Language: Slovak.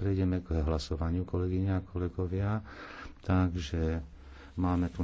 Prejdeme k hlasovaniu, kolegyňa a kolegovia. Takže máme tu